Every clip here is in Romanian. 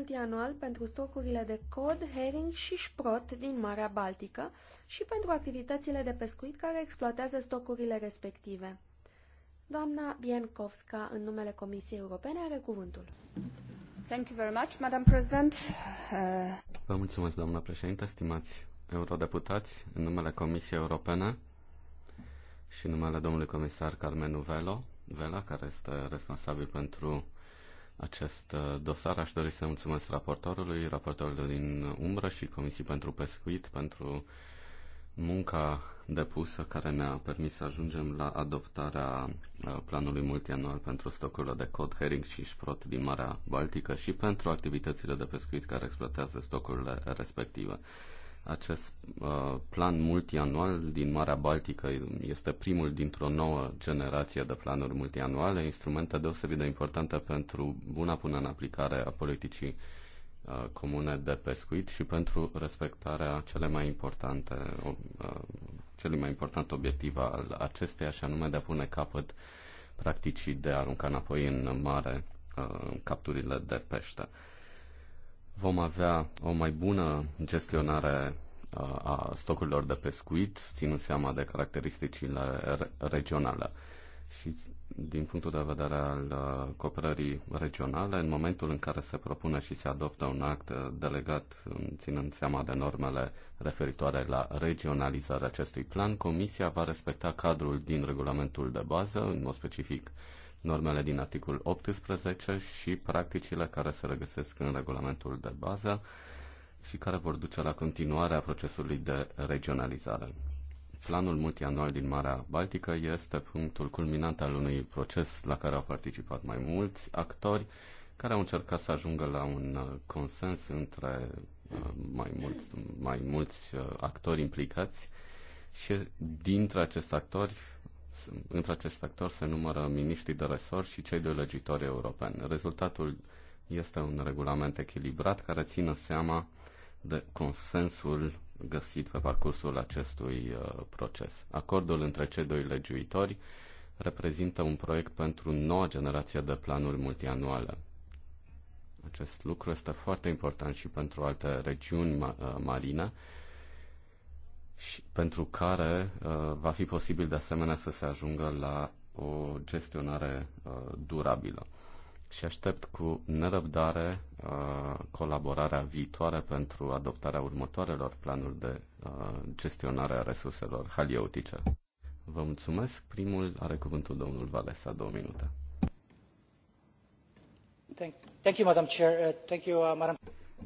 multianual pentru stocurile de cod, herring și șprot din Marea Baltică și pentru activitățile de pescuit care exploatează stocurile respective. Doamna Bienkovska, în numele Comisiei Europene, are cuvântul. Thank you very much, Madam President. Uh, Vă mulțumesc, doamna președinte, stimați eurodeputați, în numele Comisiei Europene și în numele domnului comisar Carmenu Velo, Vela, care este responsabil pentru acest uh, dosar. Aș dori să mulțumesc raportorului, raportorul din umbră și Comisii pentru Pescuit pentru munca depusă care ne-a permis să ajungem la adoptarea uh, planului multianual pentru stocurile de cod, herring și șprot din Marea Baltică și pentru activitățile de pescuit care exploatează stocurile respective. Acest uh, plan multianual din Marea Baltică este primul dintr-o nouă generație de planuri multianuale, instrumente deosebit de importante pentru buna pună în aplicare a politicii uh, comune de pescuit și pentru respectarea cele mai importante, cel uh, cele mai important obiectiv al acesteia și anume de a pune capăt practicii de a arunca înapoi în mare uh, capturile de pește vom avea o mai bună gestionare a stocurilor de pescuit, ținând seama de caracteristicile regionale. Și din punctul de vedere al cooperării regionale, în momentul în care se propune și se adoptă un act delegat, ținând seama de normele referitoare la regionalizarea acestui plan, Comisia va respecta cadrul din regulamentul de bază, în mod specific normele din articol 18 și practicile care se regăsesc în regulamentul de bază și care vor duce la continuarea procesului de regionalizare. Planul multianual din Marea Baltică este punctul culminant al unui proces la care au participat mai mulți actori care au încercat să ajungă la un uh, consens între uh, mai mulți, mai mulți uh, actori implicați și dintre acești actori între acești factori se numără miniștrii de resort și cei de legitori europeni. Rezultatul este un regulament echilibrat care țină seama de consensul găsit pe parcursul acestui uh, proces. Acordul între cei doi legiuitori reprezintă un proiect pentru noua generație de planuri multianuale. Acest lucru este foarte important și pentru alte regiuni uh, marine, și pentru care uh, va fi posibil de asemenea să se ajungă la o gestionare uh, durabilă. Și aștept cu nerăbdare uh, colaborarea viitoare pentru adoptarea următoarelor planuri de uh, gestionare a resurselor halieutice. Vă mulțumesc. Primul are cuvântul domnul Valesa, două minute. Thank, thank you, Madam Chair. Uh, thank you, uh, Madam.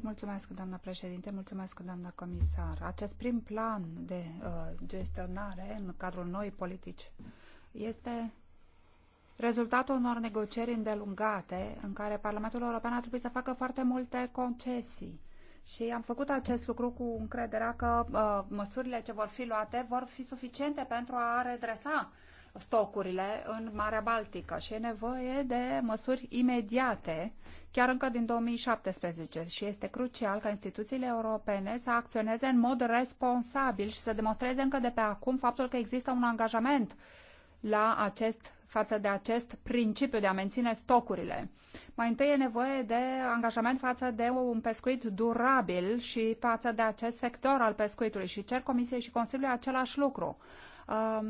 Mulțumesc, doamna președinte, mulțumesc, doamna comisar. Acest prim plan de uh, gestionare în cadrul noi politici este rezultatul unor negocieri îndelungate în care Parlamentul European a trebuit să facă foarte multe concesii. Și am făcut acest lucru cu încrederea că uh, măsurile ce vor fi luate vor fi suficiente pentru a redresa uh, stocurile în Marea Baltică și e nevoie de măsuri imediate, chiar încă din 2017 și este crucial ca instituțiile europene să acționeze în mod responsabil și să demonstreze încă de pe acum faptul că există un angajament la acest, față de acest principiu de a menține stocurile. Mai întâi e nevoie de angajament față de un pescuit durabil și față de acest sector al pescuitului și cer Comisiei și Consiliului același lucru. Um,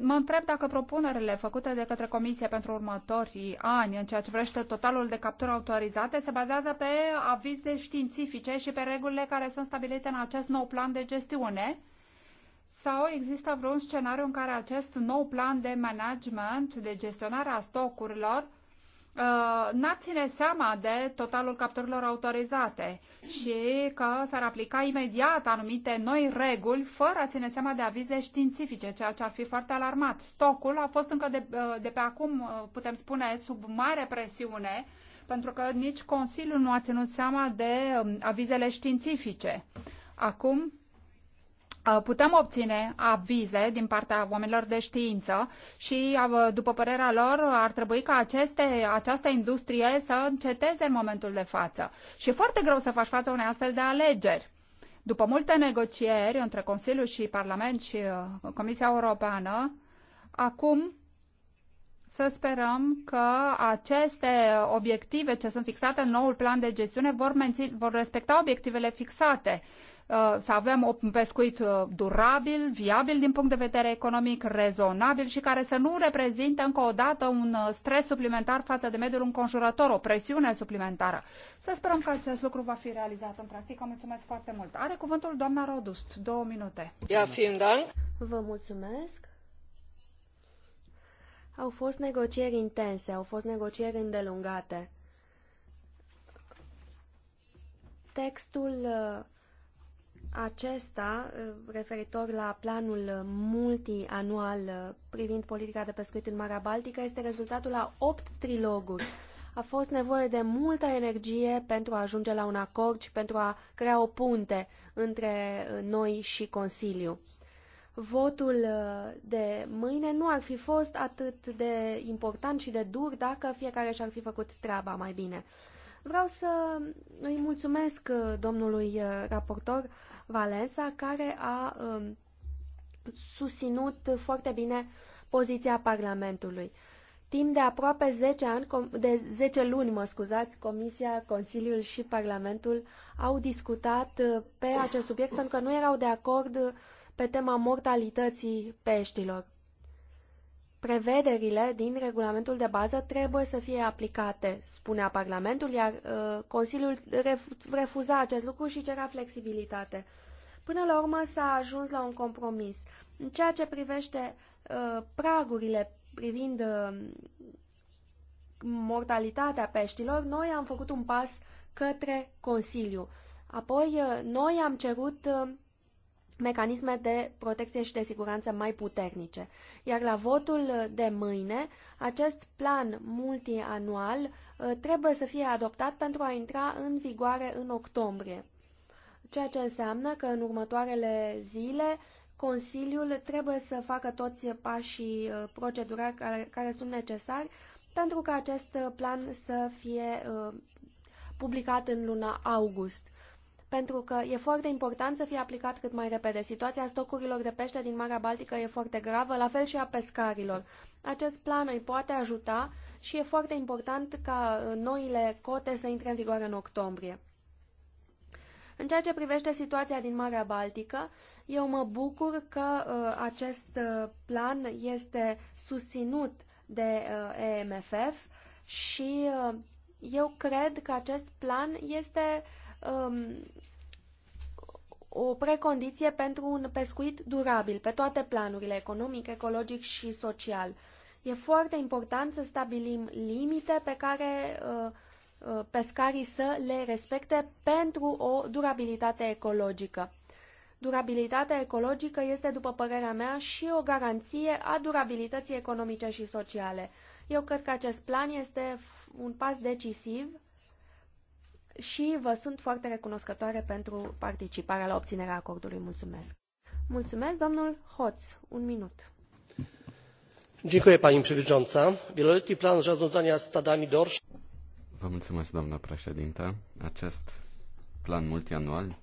mă întreb dacă propunerile făcute de către Comisie pentru următorii ani în ceea ce privește totalul de capturi autorizate se bazează pe avize științifice și pe regulile care sunt stabilite în acest nou plan de gestiune sau există vreun scenariu în care acest nou plan de management, de gestionare a stocurilor, Uh, n-a ține seama de totalul capturilor autorizate și că s-ar aplica imediat anumite noi reguli fără a ține seama de avize științifice, ceea ce ar fi foarte alarmat. Stocul a fost încă de, uh, de pe acum, uh, putem spune, sub mare presiune, pentru că nici Consiliul nu a ținut seama de um, avizele științifice. Acum, putem obține avize din partea oamenilor de știință și, după părerea lor, ar trebui ca aceste, această industrie să înceteze în momentul de față. Și e foarte greu să faci față unei astfel de alegeri. După multe negocieri între Consiliu și Parlament și Comisia Europeană, acum să sperăm că aceste obiective ce sunt fixate în noul plan de gestiune vor, mențin, vor respecta obiectivele fixate. Uh, să avem un pescuit uh, durabil, viabil din punct de vedere economic, rezonabil și care să nu reprezintă încă o dată un uh, stres suplimentar față de mediul înconjurător, o presiune suplimentară. Să sperăm că acest lucru va fi realizat în practică. Mulțumesc foarte mult. Are cuvântul doamna Rodust. Două minute. Ia, fiind Vă mulțumesc. Au fost negocieri intense, au fost negocieri îndelungate. Textul uh, acesta, uh, referitor la planul multianual uh, privind politica de pescuit în Marea Baltică, este rezultatul a opt triloguri. A fost nevoie de multă energie pentru a ajunge la un acord și pentru a crea o punte între noi și Consiliu votul uh, de mâine nu ar fi fost atât de important și de dur dacă fiecare și-ar fi făcut treaba mai bine. Vreau să îi mulțumesc uh, domnului uh, raportor Valensa, care a um, susținut foarte bine poziția Parlamentului. Timp de aproape 10 ani, de 10 luni, mă scuzați, Comisia, Consiliul și Parlamentul au discutat pe acest subiect pentru că nu erau de acord pe tema mortalității peștilor. Prevederile din regulamentul de bază trebuie să fie aplicate, spunea Parlamentul, iar uh, Consiliul refuza acest lucru și cerea flexibilitate. Până la urmă s-a ajuns la un compromis. În ceea ce privește uh, pragurile privind uh, mortalitatea peștilor, noi am făcut un pas către Consiliu. Apoi, uh, noi am cerut uh, mecanisme de protecție și de siguranță mai puternice. Iar la votul de mâine, acest plan multianual uh, trebuie să fie adoptat pentru a intra în vigoare în octombrie. Ceea ce înseamnă că în următoarele zile Consiliul trebuie să facă toți pașii uh, procedurali care, care sunt necesari pentru ca acest plan să fie uh, publicat în luna august pentru că e foarte important să fie aplicat cât mai repede. Situația stocurilor de pește din Marea Baltică e foarte gravă, la fel și a pescarilor. Acest plan îi poate ajuta și e foarte important ca uh, noile cote să intre în vigoare în octombrie. În ceea ce privește situația din Marea Baltică, eu mă bucur că uh, acest uh, plan este susținut de uh, EMFF și uh, eu cred că acest plan este uh, um, o precondiție pentru un pescuit durabil pe toate planurile, economic, ecologic și social. E foarte important să stabilim limite pe care uh, uh, pescarii să le respecte pentru o durabilitate ecologică. Durabilitatea ecologică este, după părerea mea, și o garanție a durabilității economice și sociale. Eu cred că acest plan este un pas decisiv și vă sunt foarte recunoscătoare pentru participarea la obținerea acordului. Mulțumesc! Mulțumesc, domnul Hoț. Un minut. Dziękuję pani przewodnicząca. Wieloletni plan zarządzania stadami dorsz. Vă mulțumesc, doamna președintă. Acest plan multianual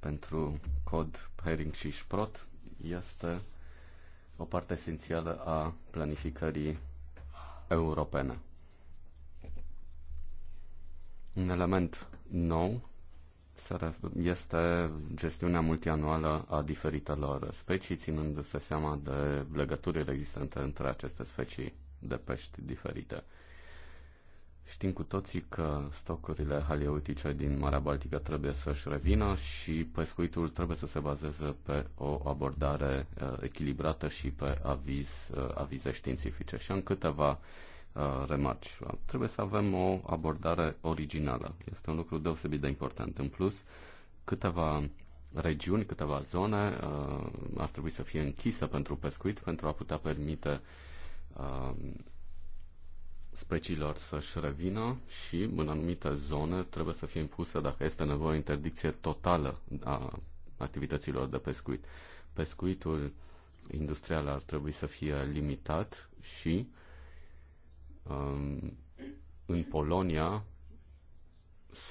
pentru cod Herring și șprot este o parte esențială a planificării europene. Un element nou este gestiunea multianuală a diferitelor specii, ținându-se seama de legăturile existente între aceste specii de pești diferite. Știm cu toții că stocurile haleutice din Marea Baltică trebuie să-și revină și pescuitul trebuie să se bazeze pe o abordare uh, echilibrată și pe aviz, uh, avize științifice. Și în câteva Uh, remarci. Trebuie să avem o abordare originală. Este un lucru deosebit de important. În plus, câteva regiuni, câteva zone uh, ar trebui să fie închisă pentru pescuit pentru a putea permite uh, speciilor să-și revină și în anumite zone trebuie să fie impusă, dacă este nevoie, interdicție totală a activităților de pescuit. Pescuitul industrial ar trebui să fie limitat și Um, în Polonia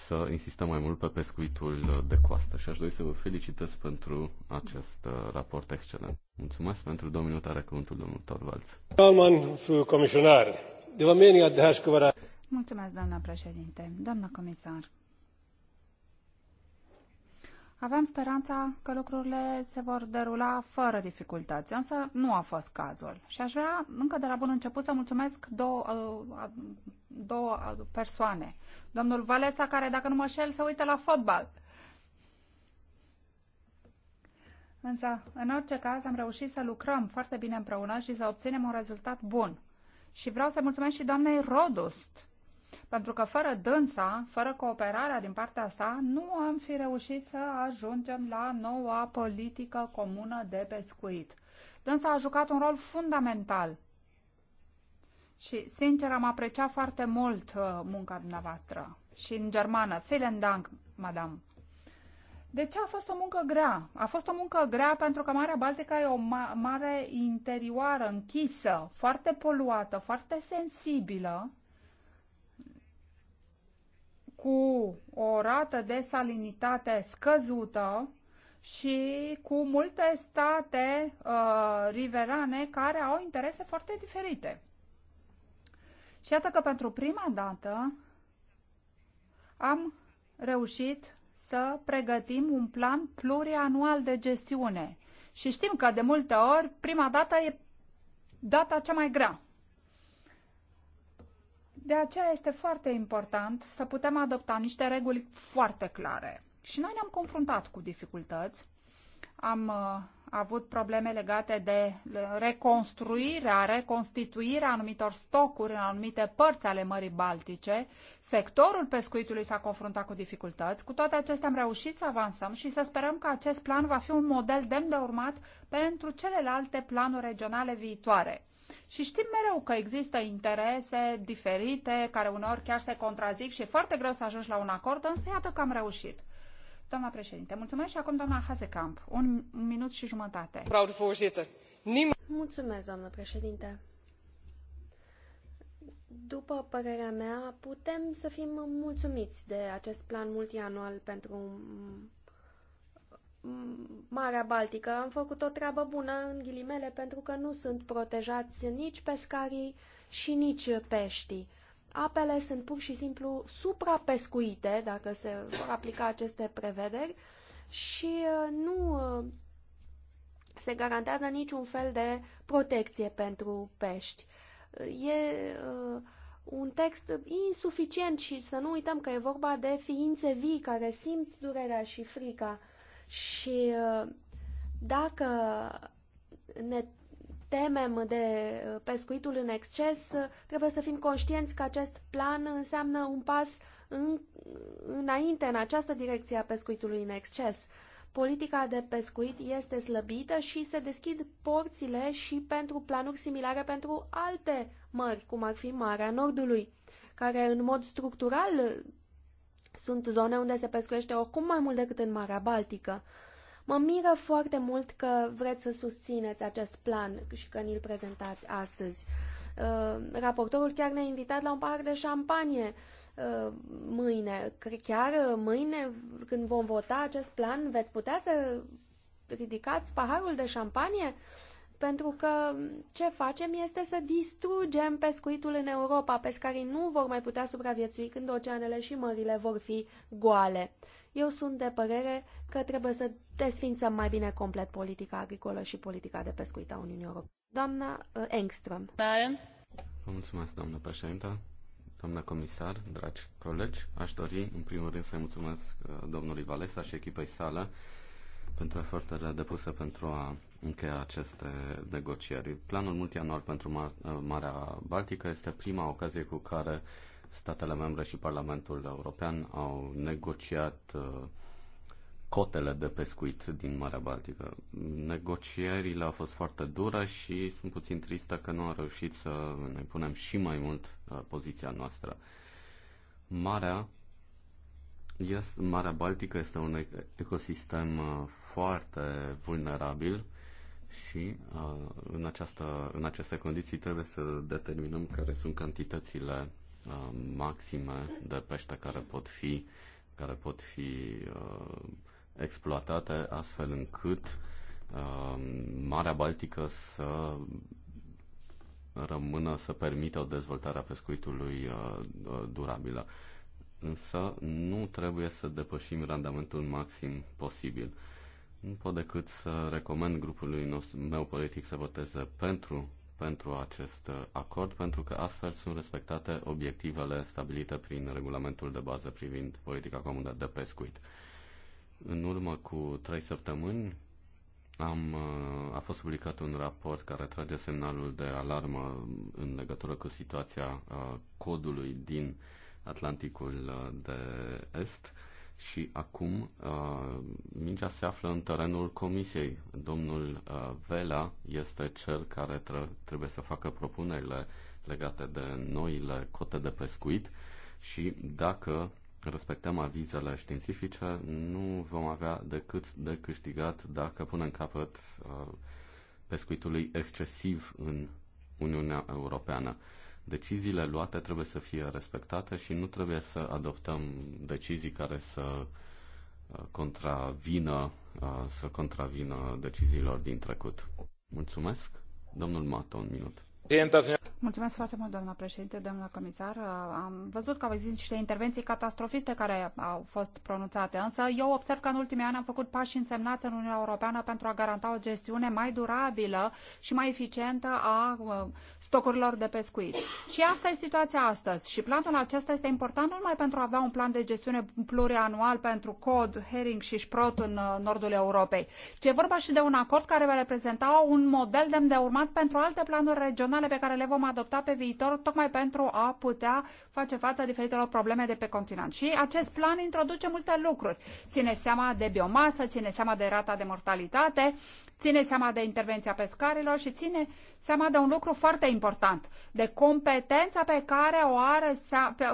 să insistăm mai mult pe pescuitul de coastă și aș dori să vă felicitez pentru acest uh, raport excelent. Mulțumesc pentru două minute, are cuvântul domnul Torvalds. Mulțumesc, doamna președinte, doamna comisar. Aveam speranța că lucrurile se vor derula fără dificultăți, însă nu a fost cazul. Și aș vrea încă de la bun început să mulțumesc două, uh, două persoane. Domnul Valesa, care, dacă nu mă șel, se uită la fotbal. Însă, în orice caz, am reușit să lucrăm foarte bine împreună și să obținem un rezultat bun. Și vreau să mulțumesc și doamnei Rodust, pentru că fără dânsa, fără cooperarea din partea sa, nu am fi reușit să ajungem la noua politică comună de pescuit. Dânsa a jucat un rol fundamental și, sincer, am apreciat foarte mult uh, munca dumneavoastră. Și în germană, vielen Dank, madame. De ce a fost o muncă grea? A fost o muncă grea pentru că Marea Baltică e o ma- mare interioară închisă, foarte poluată, foarte sensibilă cu o rată de salinitate scăzută și cu multe state uh, riverane care au interese foarte diferite. Și iată că pentru prima dată am reușit să pregătim un plan plurianual de gestiune. Și știm că de multe ori prima dată e data cea mai grea. De aceea este foarte important să putem adopta niște reguli foarte clare. Și noi ne-am confruntat cu dificultăți. Am uh, avut probleme legate de reconstruirea, reconstituirea anumitor stocuri în anumite părți ale Mării Baltice. Sectorul pescuitului s-a confruntat cu dificultăți. Cu toate acestea am reușit să avansăm și să sperăm că acest plan va fi un model demn de urmat pentru celelalte planuri regionale viitoare. Și știm mereu că există interese diferite, care uneori chiar se contrazic și e foarte greu să ajungi la un acord, însă iată că am reușit. Doamna președinte, mulțumesc și acum doamna Hazekamp. Un, minut și jumătate. Mulțumesc, doamna președinte. După părerea mea, putem să fim mulțumiți de acest plan multianual pentru Marea Baltică. Am făcut o treabă bună, în ghilimele, pentru că nu sunt protejați nici pescarii și nici peștii. Apele sunt pur și simplu suprapescuite, dacă se vor aplica aceste prevederi, și uh, nu uh, se garantează niciun fel de protecție pentru pești. E uh, un text insuficient și să nu uităm că e vorba de ființe vii care simt durerea și frica și uh, dacă ne temem de uh, pescuitul în exces, uh, trebuie să fim conștienți că acest plan înseamnă un pas în, înainte, în această direcție a pescuitului în exces. Politica de pescuit este slăbită și se deschid porțile și pentru planuri similare pentru alte mări, cum ar fi Marea Nordului, care în mod structural sunt zone unde se pescuiește oricum mai mult decât în Marea Baltică. Mă miră foarte mult că vreți să susțineți acest plan și că ni-l prezentați astăzi. Uh, raportorul chiar ne-a invitat la un pahar de șampanie uh, mâine. Chiar uh, mâine, când vom vota acest plan, veți putea să ridicați paharul de șampanie? Uh, pentru că ce facem este să distrugem pescuitul în Europa. Pescarii nu vor mai putea supraviețui când oceanele și mările vor fi goale. Eu sunt de părere că trebuie să desfințăm mai bine complet politica agricolă și politica de pescuit a Uniunii Europene. Doamna uh, Engström. Baron. Vă mulțumesc, doamnă președintă. Doamna comisar, dragi colegi, aș dori în primul rând să-i mulțumesc uh, domnului Valesa și echipei sale pentru eforturile depuse pentru a încheia aceste negocieri. Planul multianual pentru uh, Marea Baltică este prima ocazie cu care statele membre și Parlamentul European au negociat uh, cotele de pescuit din Marea Baltică. Negocierile au fost foarte dure și sunt puțin tristă că nu am reușit să ne punem și mai mult uh, poziția noastră. Marea Yes, Marea Baltică este un ecosistem foarte vulnerabil și uh, în, această, în aceste condiții trebuie să determinăm care sunt cantitățile uh, maxime de pește care pot fi, care pot fi uh, exploatate astfel încât uh, Marea Baltică să rămână să permită o dezvoltare a pescuitului uh, durabilă. Însă nu trebuie să depășim randamentul maxim posibil. Uh, nu pot decât să recomand grupului nostru, meu politic să voteze pentru, pentru acest uh, acord, pentru că astfel sunt respectate obiectivele stabilite prin regulamentul de bază privind politica comună de pescuit. În urmă cu trei săptămâni am, uh, a fost publicat un raport care trage semnalul de alarmă în legătură cu situația uh, codului din Atlanticul de Est și acum uh, mingea se află în terenul comisiei. Domnul uh, Vela este cel care tre- trebuie să facă propunerile legate de noile cote de pescuit și dacă respectăm avizele științifice, nu vom avea decât de câștigat dacă punem capăt uh, pescuitului excesiv în Uniunea Europeană deciziile luate trebuie să fie respectate și nu trebuie să adoptăm decizii care să uh, contravină, uh, să contravină deciziilor din trecut. Mulțumesc. Domnul Mato, un minut. Mulțumesc foarte mult, doamna președinte, doamna comisar. Uh, am văzut că au existat niște intervenții catastrofiste care au fost pronunțate, însă eu observ că în ultimii ani am făcut pași însemnați în Uniunea Europeană pentru a garanta o gestiune mai durabilă și mai eficientă a uh, stocurilor de pescuit. Și asta e situația astăzi. Și planul acesta este important nu numai pentru a avea un plan de gestiune plurianual pentru cod, herring și șprot în uh, nordul Europei, ci e vorba și de un acord care va reprezenta un model demn de urmat pentru alte planuri regionale naționale pe care le vom adopta pe viitor, tocmai pentru a putea face față diferitelor probleme de pe continent. Și acest plan introduce multe lucruri. Ține seama de biomasă, ține seama de rata de mortalitate, ține seama de intervenția pescarilor și ține seama de un lucru foarte important, de competența pe care o are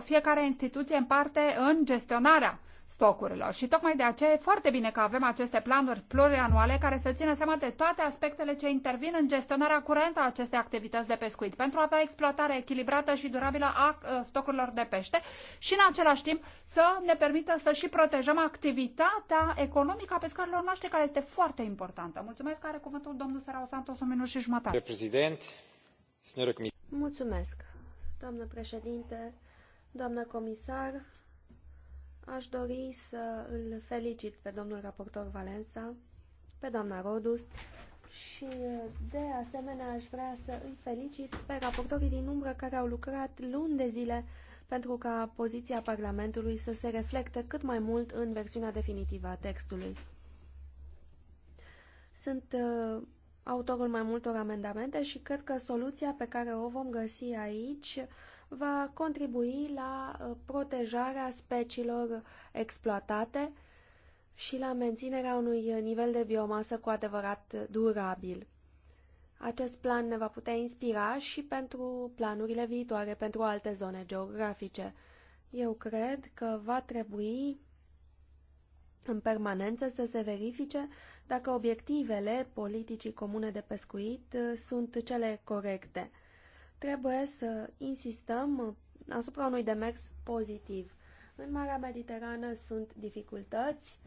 fiecare instituție în parte în gestionarea stocurilor. Și tocmai de aceea e foarte bine că avem aceste planuri plurianuale care să țină seama de toate aspectele ce intervin în gestionarea curentă a acestei activități de pescuit, pentru a avea exploatare echilibrată și durabilă a uh, stocurilor de pește și în același timp să ne permită să și protejăm activitatea economică a pescarilor noștri, care este foarte importantă. Mulțumesc, are cuvântul domnul Serau Santos, un minut și jumătate. Prezident, Mulțumesc, doamnă președinte, doamnă comisar, Aș dori să îl felicit pe domnul raportor Valensa, pe doamna Rodus și de asemenea aș vrea să îi felicit pe raportorii din umbră care au lucrat luni de zile pentru ca poziția Parlamentului să se reflecte cât mai mult în versiunea definitivă a textului. Sunt uh, autorul mai multor amendamente și cred că soluția pe care o vom găsi aici uh, va contribui la uh, protejarea speciilor exploatate și la menținerea unui nivel de biomasă cu adevărat durabil. Acest plan ne va putea inspira și pentru planurile viitoare pentru alte zone geografice. Eu cred că va trebui în permanență să se verifice dacă obiectivele politicii comune de pescuit uh, sunt cele corecte trebuie să insistăm uh, asupra unui demers pozitiv. În Marea Mediterană sunt dificultăți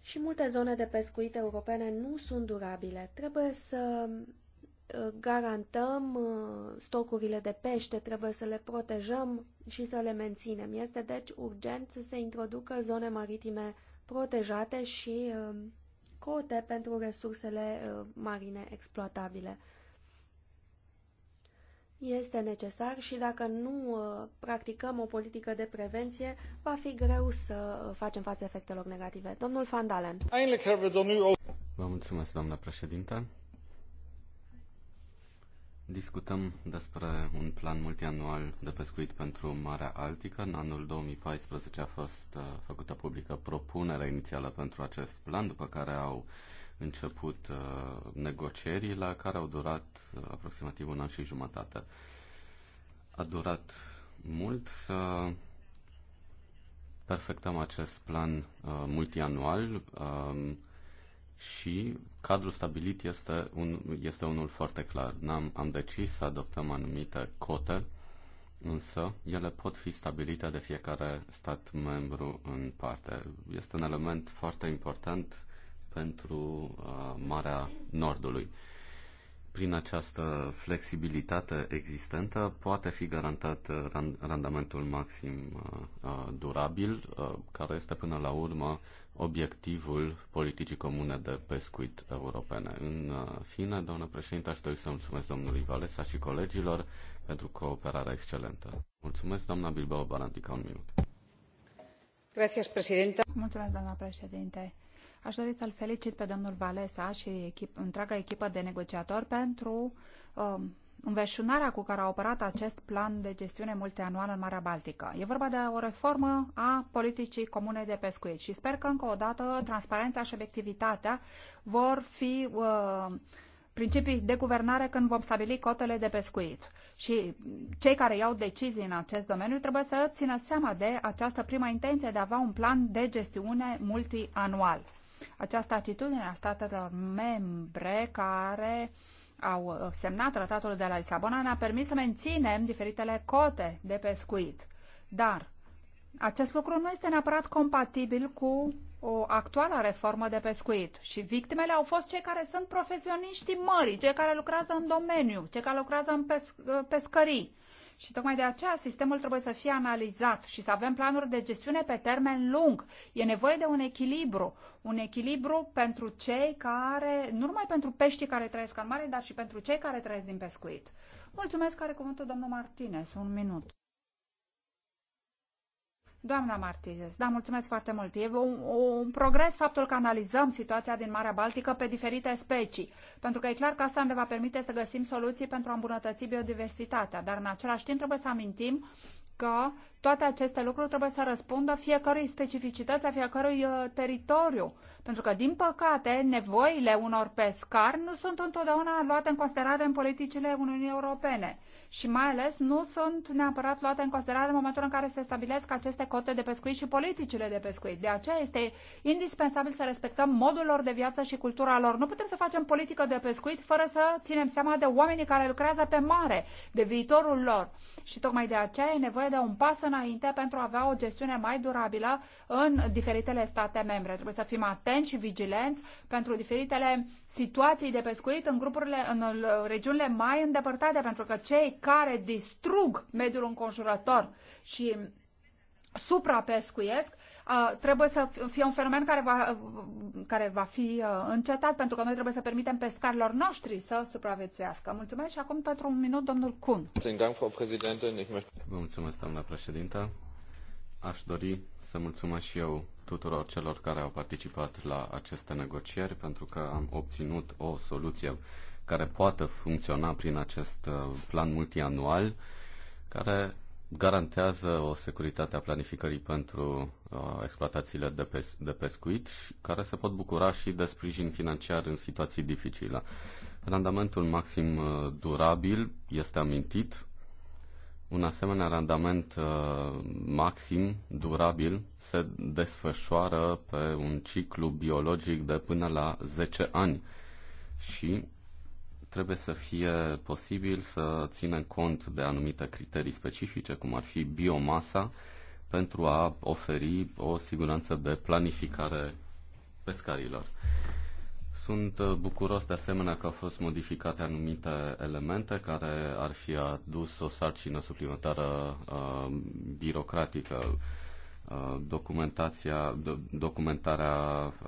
și multe zone de pescuit europene nu sunt durabile. Trebuie să uh, garantăm uh, stocurile de pește, trebuie să le protejăm și să le menținem. Este deci urgent să se introducă zone maritime protejate și cote pentru resursele marine exploatabile este necesar și dacă nu uh, practicăm o politică de prevenție, va fi greu să uh, facem față efectelor negative. Domnul Van Dalen. Vă mulțumesc, doamna președinte. Discutăm despre un plan multianual de pescuit pentru Marea Altică. În anul 2014 a fost uh, făcută publică propunerea inițială pentru acest plan, după care au început uh, negocierile care au durat uh, aproximativ un an și jumătate. A durat mult să perfectăm acest plan uh, multianual um, și cadrul stabilit este, un, este unul foarte clar. N-am, am decis să adoptăm anumite cote, însă ele pot fi stabilite de fiecare stat membru în parte. Este un element foarte important pentru uh, Marea Nordului. Prin această flexibilitate existentă poate fi garantat uh, randamentul maxim uh, durabil, care este până la urmă obiectivul politicii comune de pescuit europene. În fine, doamnă președinte, aș dori să mulțumesc domnului Valesa și colegilor pentru cooperarea excelentă. Mulțumesc, doamna Bilbao Barantica, un minut. Gracias, presidenta. Mulțumesc, doamna președinte. Aș dori să-l felicit pe domnul Valesa și echip, întreaga echipă de negociatori pentru um, înveșunarea cu care a operat acest plan de gestiune multianuală în Marea Baltică. E vorba de o reformă a politicii comune de pescuit și sper că încă o dată transparența și obiectivitatea vor fi uh, principii de guvernare când vom stabili cotele de pescuit. Și cei care iau decizii în acest domeniu trebuie să țină seama de această prima intenție de a avea un plan de gestiune multianual. Această atitudine a statelor membre care au semnat tratatul de la Lisabona ne-a permis să menținem diferitele cote de pescuit. Dar acest lucru nu este neapărat compatibil cu o actuală reformă de pescuit și victimele au fost cei care sunt profesioniștii mării, cei care lucrează în domeniu, cei care lucrează în pesc- pescării. Și tocmai de aceea sistemul trebuie să fie analizat și să avem planuri de gestiune pe termen lung. E nevoie de un echilibru. Un echilibru pentru cei care, nu numai pentru peștii care trăiesc în mare, dar și pentru cei care trăiesc din pescuit. Mulțumesc, care cuvântul domnul Martinez. Un minut. Doamna Martizes, da, mulțumesc foarte mult. E un, un progres faptul că analizăm situația din Marea Baltică pe diferite specii, pentru că e clar că asta ne va permite să găsim soluții pentru a îmbunătăți biodiversitatea, dar în același timp trebuie să amintim că toate aceste lucruri trebuie să răspundă fiecărui specificități a fiecărui uh, teritoriu. Pentru că, din păcate, nevoile unor pescari nu sunt întotdeauna luate în considerare în politicile Uniunii Europene și mai ales nu sunt neapărat luate în considerare în momentul în care se stabilesc aceste cote de pescuit și politicile de pescuit. De aceea este indispensabil să respectăm modul lor de viață și cultura lor. Nu putem să facem politică de pescuit fără să ținem seama de oamenii care lucrează pe mare, de viitorul lor. Și tocmai de aceea e nevoie nevoie de un pas înainte pentru a avea o gestiune mai durabilă în diferitele state membre. Trebuie să fim atenți și vigilenți pentru diferitele situații de pescuit în grupurile, în regiunile mai îndepărtate, pentru că cei care distrug mediul înconjurător și suprapescuiesc trebuie să fie un fenomen care va, care va fi uh, încetat, pentru că noi trebuie să permitem pescarilor noștri să supraviețuiască. Mulțumesc și acum pentru un minut, domnul Kun. Vă mulțumesc, doamna președintă. Aș dori să mulțumesc și eu tuturor celor care au participat la aceste negocieri, pentru că am obținut o soluție care poate funcționa prin acest uh, plan multianual, care garantează o securitate a planificării pentru uh, exploatațiile de, pes- de pescuit, care se pot bucura și de sprijin financiar în situații dificile. Randamentul maxim uh, durabil este amintit. Un asemenea randament uh, maxim durabil se desfășoară pe un ciclu biologic de până la 10 ani și trebuie să fie posibil să ținem cont de anumite criterii specifice, cum ar fi biomasa, pentru a oferi o siguranță de planificare pescarilor. Sunt uh, bucuros de asemenea că au fost modificate anumite elemente care ar fi adus o sarcină suplimentară uh, birocratică documentația, do, documentarea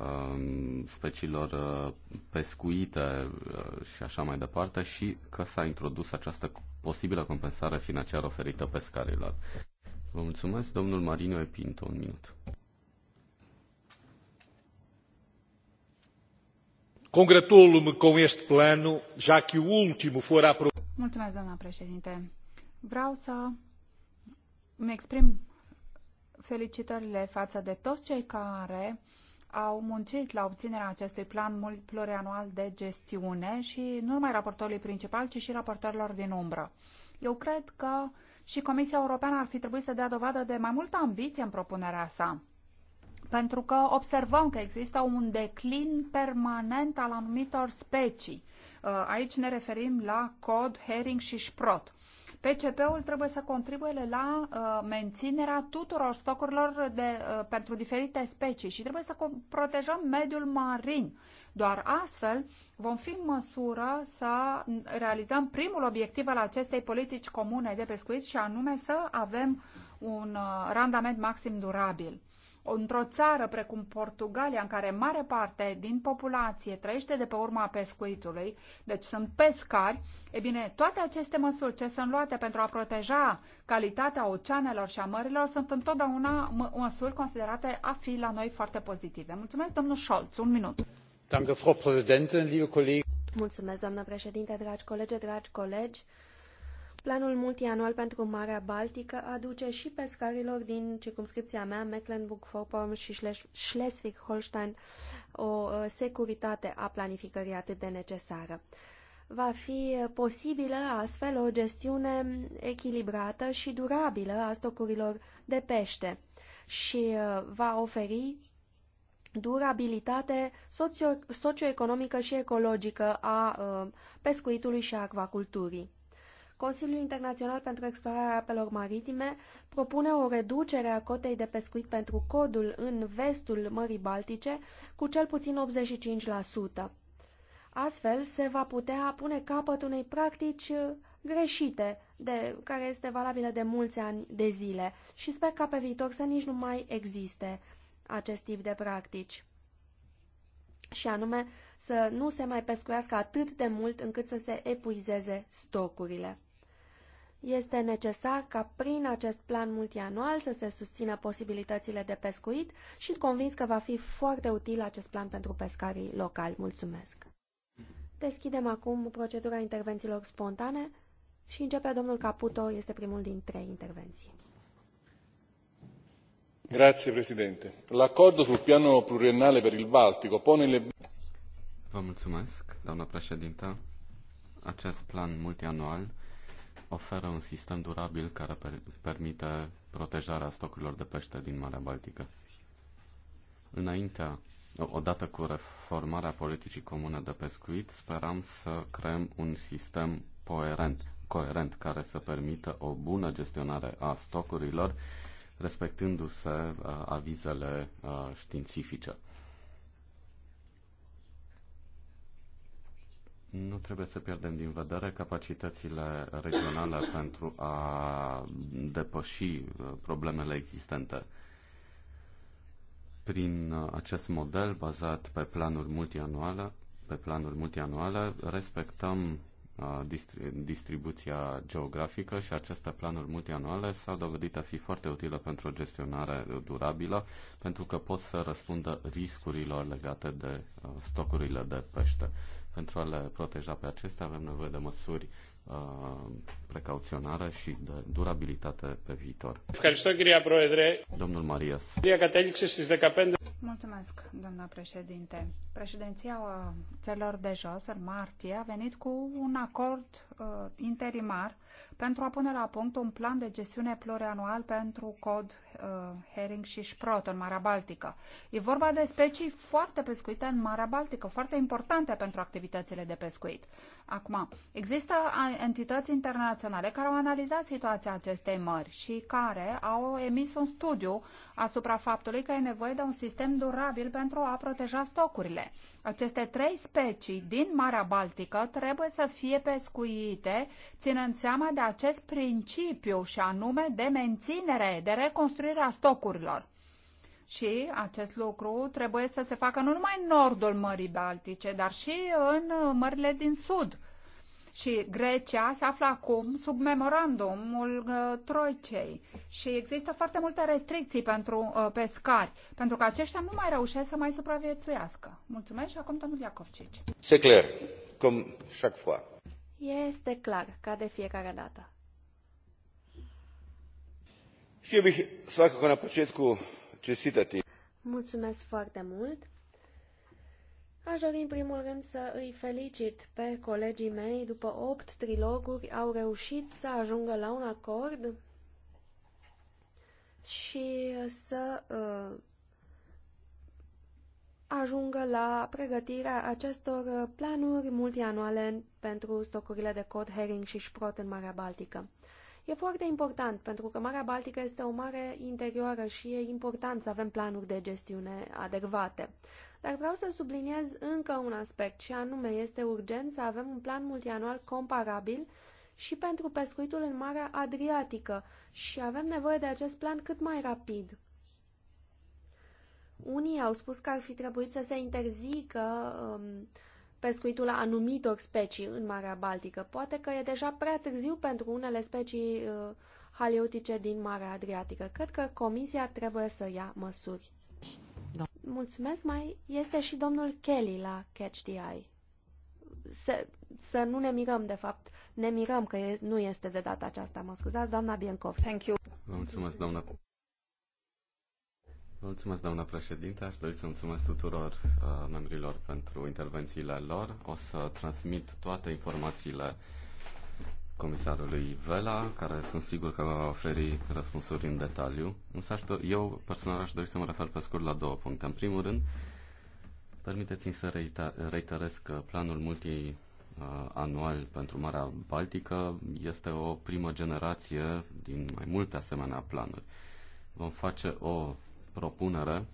um, speciilor uh, pescuite uh, și așa mai departe și că s-a introdus această posibilă compensare financiară oferită pescarilor. Vă mulțumesc, domnul Marino Epinto, un minut. Congratulo-me com este plano, já que o último for Mulțumesc, doamna președinte. Vreau să îmi exprim felicitările față de toți cei care au muncit la obținerea acestui plan plurianual de gestiune și nu numai raportorului principal, ci și raportorilor din umbră. Eu cred că și Comisia Europeană ar fi trebuit să dea dovadă de mai multă ambiție în propunerea sa. Pentru că observăm că există un declin permanent al anumitor specii. Uh, aici ne referim la cod, herring și șprot. PCP-ul trebuie să contribuie la uh, menținerea tuturor stocurilor de, uh, pentru diferite specii și trebuie să protejăm mediul marin. Doar astfel vom fi în măsură să mm, realizăm primul obiectiv al acestei politici comune de pescuit și anume să avem un uh, randament maxim durabil într-o țară precum Portugalia, în care mare parte din populație trăiește de pe urma pescuitului, deci sunt pescari, e bine, toate aceste măsuri ce sunt luate pentru a proteja calitatea oceanelor și a mărilor sunt întotdeauna măsuri considerate a fi la noi foarte pozitive. Mulțumesc, domnul Scholz. Un minut. Danke, Frau liebe Mulțumesc, doamnă președinte, dragi colegi, dragi colegi. Planul multianual pentru Marea Baltică aduce și pescarilor din circumscripția mea, Mecklenburg-Vorpommern și Schleswig-Holstein, o uh, securitate a planificării atât de necesară. Va fi posibilă astfel o gestiune echilibrată și durabilă a stocurilor de pește și uh, va oferi durabilitate socio- socioeconomică și ecologică a uh, pescuitului și a acvaculturii. Consiliul Internațional pentru Explorarea Apelor Maritime propune o reducere a cotei de pescuit pentru codul în vestul Mării Baltice cu cel puțin 85%. Astfel, se va putea pune capăt unei practici greșite, de, care este valabilă de mulți ani de zile și sper ca pe viitor să nici nu mai existe acest tip de practici. Și anume să nu se mai pescuiască atât de mult încât să se epuizeze stocurile. Este necesar ca prin acest plan multianual să se susțină posibilitățile de pescuit și convins că va fi foarte util acest plan pentru pescarii locali. Mulțumesc! Deschidem acum procedura intervențiilor spontane și începe domnul Caputo, este primul din trei intervenții. Grazie Presidente. L'accordo sul piano pluriennale per il Baltico pone le... Vă mulțumesc, doamna președintă. Acest plan multianual oferă un sistem durabil care per- permite protejarea stocurilor de pește din Marea Baltică. Înaintea, odată cu reformarea politicii comune de pescuit, speram să creăm un sistem coerent, coerent care să permită o bună gestionare a stocurilor, respectându-se uh, avizele uh, științifice. Nu trebuie să pierdem din vedere capacitățile regionale pentru a depăși uh, problemele existente. Prin uh, acest model bazat pe planuri multianuale, pe planuri multianuale respectăm uh, distribuția geografică și aceste planuri multianuale s-au dovedit a fi foarte utile pentru o gestionare durabilă, pentru că pot să răspundă riscurilor legate de stocurile de pește. Pentru a le proteja pe acestea avem nevoie de măsuri precauționare și de durabilitate pe viitor. Domnul Marias. Mulțumesc, doamna președinte. Președinția celor uh, de jos, în martie, a venit cu un acord uh, interimar pentru a pune la punct un plan de gestiune plurianual pentru cod uh, herring și șprot în Marea Baltică. E vorba de specii foarte pescuite în Marea Baltică, foarte importante pentru activitățile de pescuit. Acum, există entități internaționale care au analizat situația acestei mări și care au emis un studiu asupra faptului că e nevoie de un sistem durabil pentru a proteja stocurile. Aceste trei specii din Marea Baltică trebuie să fie pescuite ținând seama de acest principiu și anume de menținere, de reconstruire a stocurilor. Și acest lucru trebuie să se facă nu numai în nordul Mării Baltice, dar și în mările din sud și Grecia se află acum sub memorandumul uh, Troicei și există foarte multe restricții pentru uh, pescari, pentru că aceștia nu mai reușesc să mai supraviețuiască. Mulțumesc și acum domnul Iacovcici. Se clar, cum chaque fois. Este clar, ca de fiecare dată. Și eu bih svakako na početku čestitati. Mulțumesc foarte mult. Aș dori în primul rând să îi felicit pe colegii mei. După opt triloguri au reușit să ajungă la un acord și să uh, ajungă la pregătirea acestor planuri multianuale pentru stocurile de cod herring și șprot în Marea Baltică. E foarte important, pentru că Marea Baltică este o mare interioară și e important să avem planuri de gestiune adecvate. Dar vreau să subliniez încă un aspect și anume este urgent să avem un plan multianual comparabil și pentru pescuitul în Marea Adriatică și avem nevoie de acest plan cât mai rapid. Unii au spus că ar fi trebuit să se interzică um, pescuitul la anumitor specii în Marea Baltică. Poate că e deja prea târziu pentru unele specii uh, haliotice din Marea Adriatică. Cred că Comisia trebuie să ia măsuri. Mulțumesc. Mai este și domnul Kelly la Catch the Eye. Să, să nu ne mirăm, de fapt. Ne mirăm că e, nu este de data aceasta. Mă scuzați, doamna Biencov. Thank you. Vă mulțumesc, doamna. Vă mulțumesc, doamna președinte. Aș dori să mulțumesc tuturor uh, membrilor pentru intervențiile lor. O să transmit toate informațiile uh, comisarului Vela, care sunt sigur că va oferi răspunsuri în detaliu. Însă aș do- eu personal aș dori să mă refer pe scurt la două puncte. În primul rând, permiteți-mi să reita- reiterez că planul multianual uh, anual pentru Marea Baltică este o primă generație din mai multe asemenea planuri. Vom face o propunere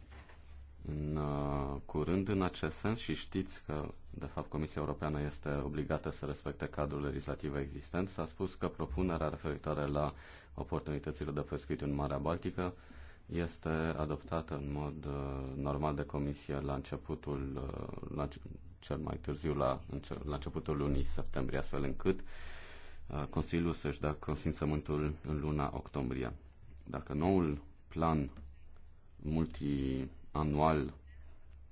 în uh, curând în acest sens și știți că, de fapt, Comisia Europeană este obligată să respecte cadrul legislativ existent. S-a spus că propunerea referitoare la oportunitățile de pescuit în Marea Baltică este adoptată în mod uh, normal de Comisie la începutul, uh, la cel mai târziu, la, înce- la începutul lunii septembrie, astfel încât Consiliul să-și dea consimțământul în luna octombrie. Dacă noul plan multi anual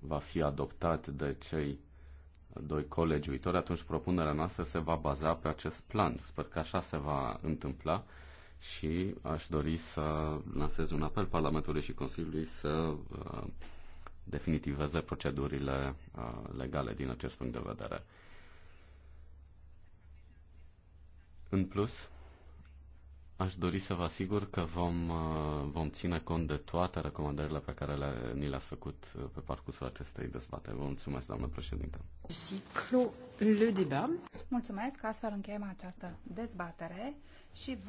va fi adoptat de cei doi colegi uitori, atunci propunerea noastră se va baza pe acest plan. Sper că așa se va întâmpla și aș dori să lansez un apel Parlamentului și Consiliului să uh, definitiveze procedurile uh, legale din acest punct de vedere. În plus, Aș dori să vă asigur că vom, uh, vom ține cont de toate recomandările pe care le, ni le-ați făcut uh, pe parcursul acestei dezbateri. Vă mulțumesc, doamnă președinte. Mulțumesc, astfel încheiem această dezbatere și